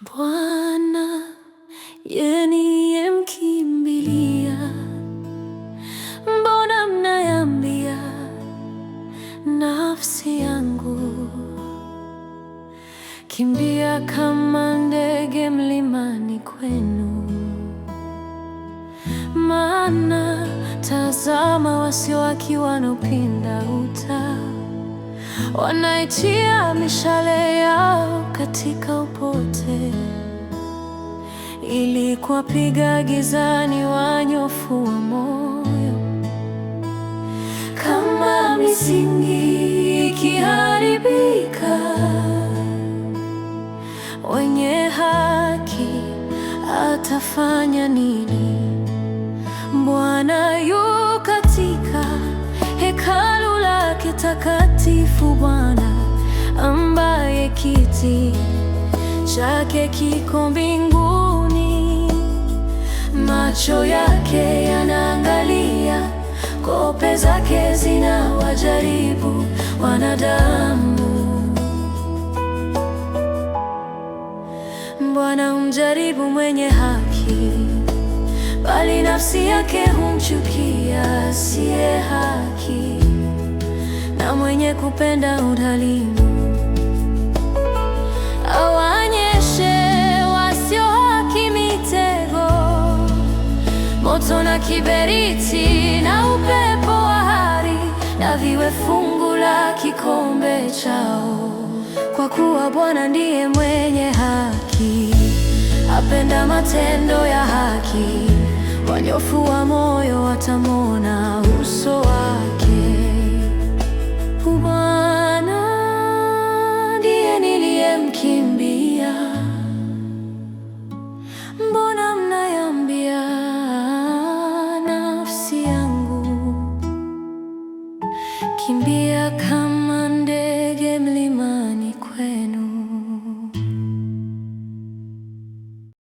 Bwana yeni mkimbilia, mbona mnayambia nafsi yangu, kimbia kama ndege mlimani kwenu, maana tazama, wasio haki wanaopinda uta wanaitia mishale yao katika upote ili kuwapiga gizani wanyofu wa moyo. Kama misingi ikiharibika, wenye haki atafanya nini? Bwana yu katika hekalu lake takatifu, Bwana ambaye kiti chake kiko mbinguni macho yake yanaangalia, kope zake zinawajaribu wanadamu. Bwana humjaribu mwenye haki, bali nafsi yake humchukia asiye haki. Na mwenye kupenda udhalimu moto na kiberiti na upepo wa hari na viwe fungu la kikombe chao, kwa kuwa Bwana ndiye mwenye haki, apenda matendo ya haki, wanyofu wa moyo watamona. a kama